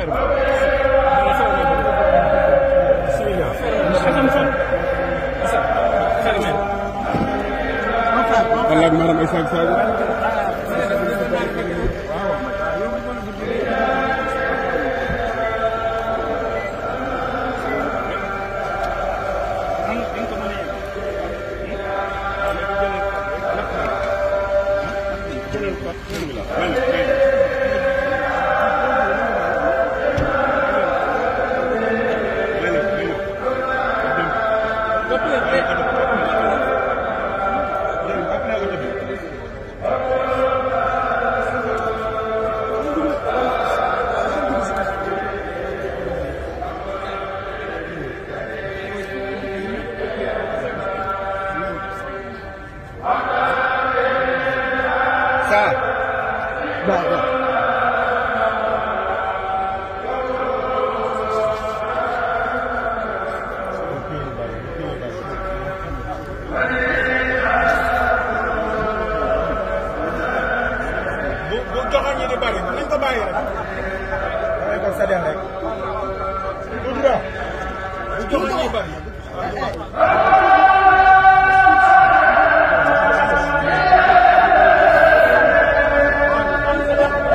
ferme. Bismillah. Ferme. Ferme. Ferme. Ferme. Thank you. bàyyi rek damay ko sadeel rek. tuuti ba. tuuti ba bari.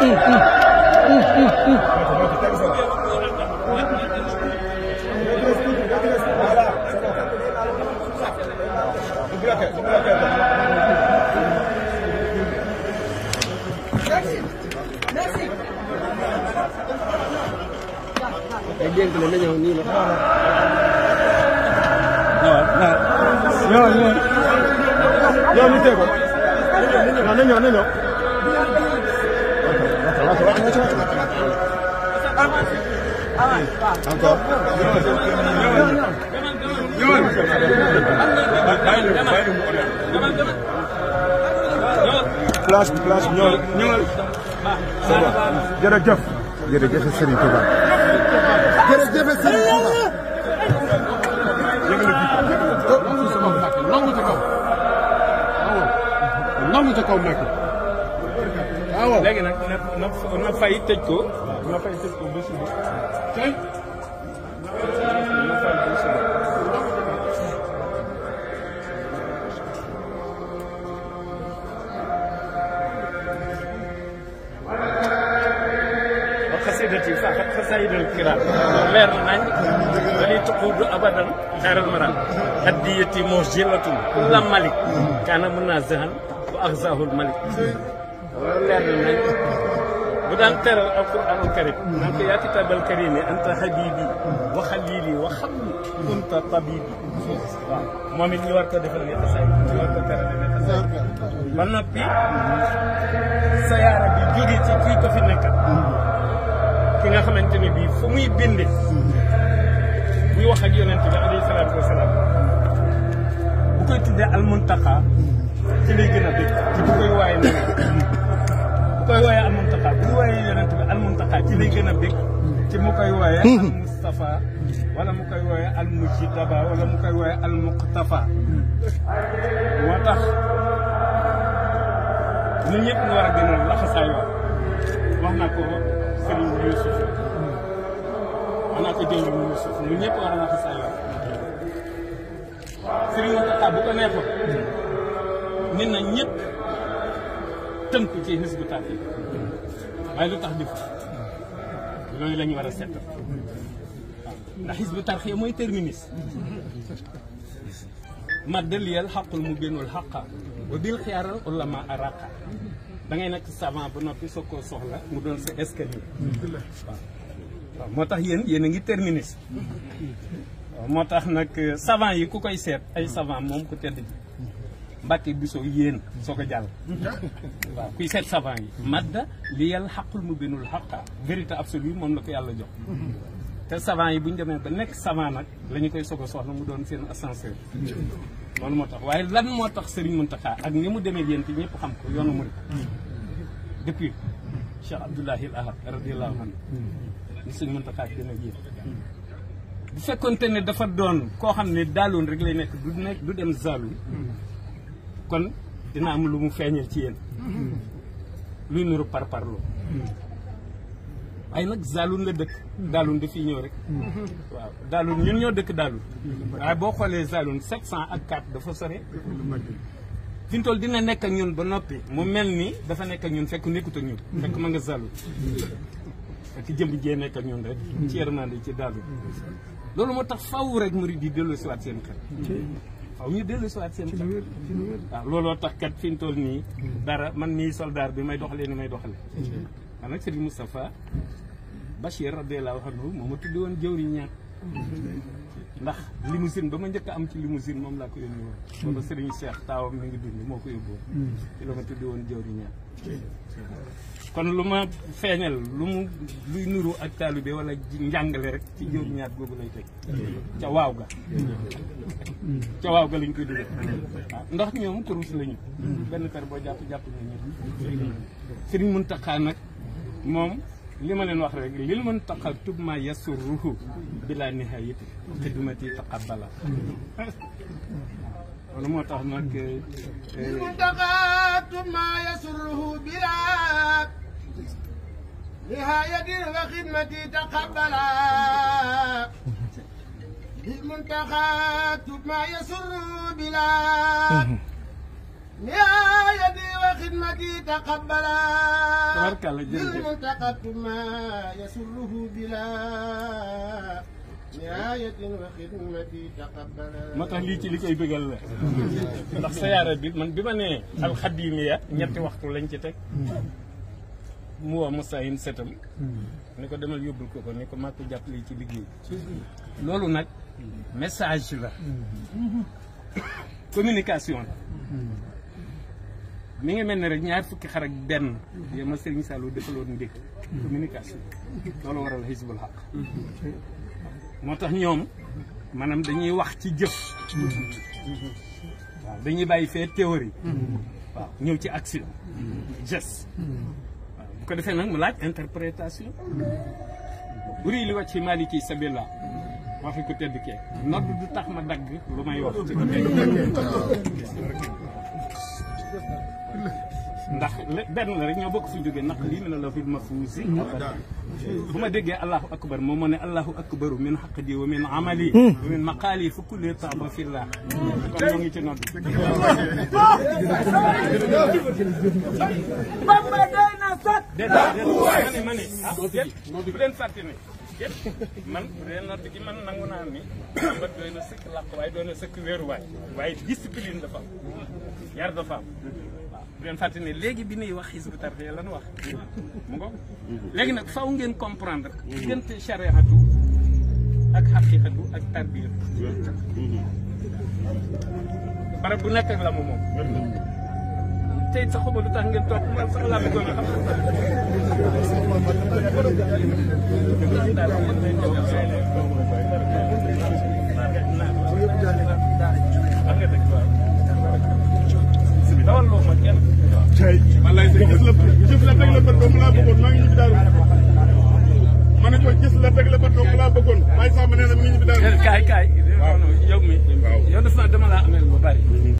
Mm-hmm. te dénk la na ñëw nii la. waaw waaw yow ñu teg ko. na ñëw na ñëw. encore. place place ñëwal ñëwal. c'est bon jërëjëf. jërëjëf Serigne Touba. jërëjëf Serigne Touba. Oh, nangu ca kaw nangu ca kaw Mbacke. waaw léegi nag na na fay tëj ko na fay tëj ko ba suba xasidati sax xasaidal kiram leer na nañ wali tuqudu abadan xeeral maram haddiyati mujilatun la malik kana mun naa zahan wa axzahul malik leer na nañ bu daan teral alquranul karim nan ko yaa kitaabal karimi anta habibi wa xalili wa xabli kunta tabibi waaw moom it ñu war ko defal ne xasaay ñu war ko teral ne xasaay ba noppi sa yaara bi jógee ci kii ko fi nekkal ki nga xamante ni bii fu muy binde muy wax ak yonent bi alayhi salaatu wasalaam bu koy tuddee almuntaqa ci lay gën a ci bu koy waaye na bu koy waaye almuntaqa bu koy waaye yonent bi almuntaqa ci lay gën a ci mu koy waaye almustafa hmm. wala mu koy waaye almujtaba wala mu koy waaye almuqtafa moo tax ñun ñëpp ñu war a gën a laxasaay wax wax ko Serigne Youssouf Anathé Dieng Youssouf ñun ñëpp war naa ko sàlla Serigne Mountakha bu ko neexoon nit na ñëpp tënku ci Hizbut Tarqiyyah waaye lu tax di ko loolu la war a seet ndax Hizbut Tarqiyyah mooy terminus ma daliyal xaqul mu génnul xaqa wa bil xiyaaral ulama araqa da ngay nekk savant bu noppi soo ko soxla mu doon sa escalier. waaw waaw moo tax yéen yéen a ngi terminus. waaw moo tax nag euh, savant yi ku koy seet ay savant moom ku tedd ji Mbàkke Buso yéen soo ko jàll waaw kuy seet savant yi madda li yàlla xaqul mu binul xaqa vérité absolue moom na ko yàlla jox te savant yi bu ñu demee ba nekk savant nag la koy soog a soxla mu doon seen ascenseur loolu moo tax waaye lan moo tax Serigne Mountakha ak ni mu demee yéen te ñëpp xam ko yoonu murid depuis Cheikh Abdoulahi Al Ahad radiyallahu anhu ni Serigne Mountakha demee yéen bu fekkonte ne dafa doon koo xam ne daaloon rek lay nekk du nekk du dem zaalu kon dina am lu mu feeñal ci yéen luy nuru parparloo ay nag Zaloun la dëkk. Zaloun daf fiy ñëw rek. waaw Zaloun ñun ñoo dëkk Zaloun. waaye boo xoolee Zaloun 700 ak 4 dafa sore. fi mu toll dina nekk ak ñun ba noppi. mu mel ni dafa nekk ak ñun fekk nekkut ak ñu fekk ma nga Zaloun. ak jëmb jee nekk ak ñun rek. ci yërmande ci Zaloun. loolu moo tax faw rek murid yi dellu siwaat seen xel. waaw ñu dellu si waat seen kàddu loolu looloo tax kat fi ñu toll nii dara man mii soldaar bi may doxalee ni may doxalee. waaw nag Serigne Moustapha Bachir a anhu moo ma tudd woon jëwriñ ñaan ndax limousine ba ma njëkk am ci limousine moom laa ko yónni woon hmm. booba Serigne Cheikh taawam mi ngi dund moo ko yóbbu woon hmm. ci la woon jëwriñ ñaan hmm. kon lu ma feeñal lu mu luy nuru ak taalibe wala njàngale rek ci jëwri ñaat googu lay teg ca waaw ga ca waaw ga lañ koy dugal ndax ñoom kurus lañu benn kër boo jàpp jàpp na ñëpp Sëriñ Muntaxa nag moom li ma leen wax rek lil mën taqal tub ma yasur ruhu bila nihayati xidmati taqabbala wala moo tax nag eh, eh, lil mën taqal tub ma نهايتي وخدمتي تقبلا بالمنتقى بما يسره بلا moo tax lii ci li koy bëggal la ndax sayaara bi man bi ma nee alxadimiya ñetti waxtu lañ ci teg mu woo Moussa yin setam ni ko demal yóbbul ko ko ni ko maa ko jàpp lii ci liggéey loolu nag message la mm-hmm. communication la mi ngi mel ni rek ñaar fukki xar ak benn yo ma Serigne Saliou defaloon ndékk communication loolu waral Hizbul Haq moo tax ñoom maanaam dañuy wax ci jëf waaw dañuy bàyyi fee théorie ñëw ci action geste waaw bu ko defee nag mu laaj interprétation buri li wàcc ci Maliki Sabila waxi ko tedd kee nodd du tax ma dagg lu may wax ci ko tedd ndax benn la rek ñoo bokk fi jógee ndax lii mi ne la fi ma fuusi bu ma déggee allahu akbar moom moo ne allahu akbaru min xaqdi wa min amali hmm. wa min maqaali fa kulli taaba fillah kon moo ngi ci nodd bamba day na sat mane bu leen fàtte ne képp leen nodd gi man nangu naa ni ba doy na sëkk làq waaye doy na sëkk wéeruwaay waaye discipline dafa am yar bu ngeen léegi bi nuy wax xisbu tarxiya lan wax mu ngo léegi nag faw ngeen comprendre diggante chariatu ak xaqiqatu ak tarbiya barab bu nekk la mu moom tey sax xuma lu tax ngeen toog man sax laa bëggoon a xam Baye Samba nee na mi ngi ñu fi daal. kaay kaay. yow mi yow def naa dama laa ameel lu bari.